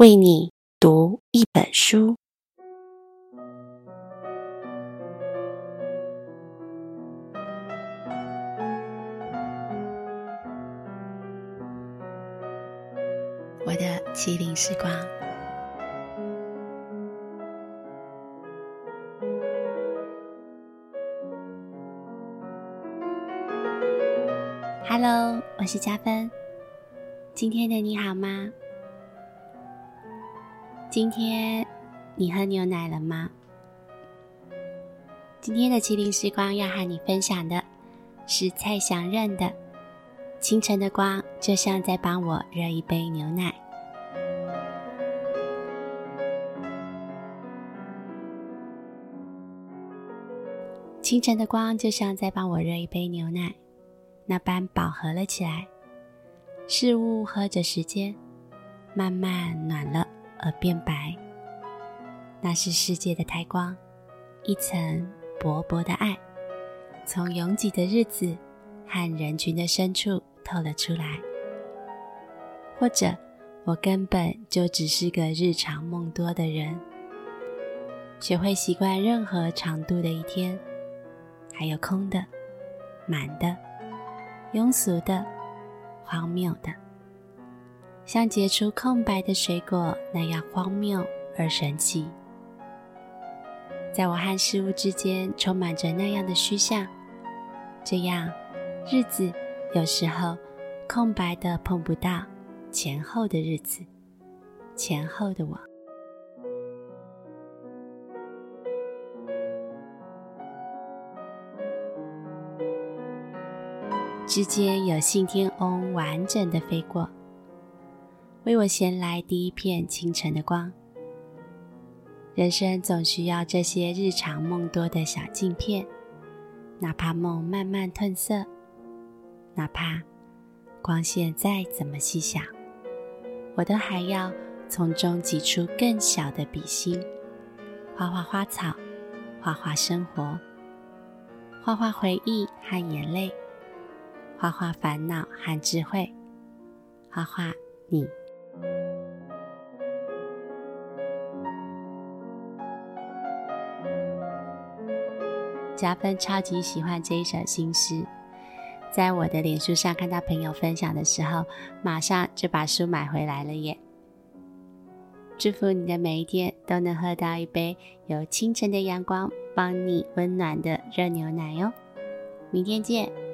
為你讀一本書，《我的麒羚時光》。Hello，我是佳芬，今天的你好嗎？今天你喝牛奶了嗎？今天的麒羚時光要和你分享的是蔡翔任的《清晨的光》，就像在幫我熱一杯牛奶。清晨的光就像在幫我熱一杯牛奶，那般飽和了起來，事物和着時間慢慢暖了。而變白，那是世界的胎光，一層薄薄的愛，從擁擠的日子和人群的深處透了出來。或者，我根本就只是個日常夢多的人，學會習慣任何長度的一天，還有空的、滿的、庸俗的、荒謬的。像結出空白的水果那樣荒謬而神奇，在我和事物之間充滿着那樣的虛像，這樣日子有時候空白的碰不到前後的日子，前後的我之間有信天翁完整的飛過，為我銜來第一片清晨的光。人生總需要這些日常夢多的小鏡片，哪怕夢慢慢褪色，哪怕光線再怎麼細小，我都還要從中擠出更小的筆芯，畫畫花草，畫畫生活，畫畫回憶和眼淚，畫畫煩惱和智慧，畫畫你。加分，超級喜歡這一首新詩。在我的臉書上看到朋友分享的時候，馬上就把書買回來了耶！祝福你的每一天都能喝到一杯有清晨的陽光幫你溫暖的熱牛奶喲。明天見。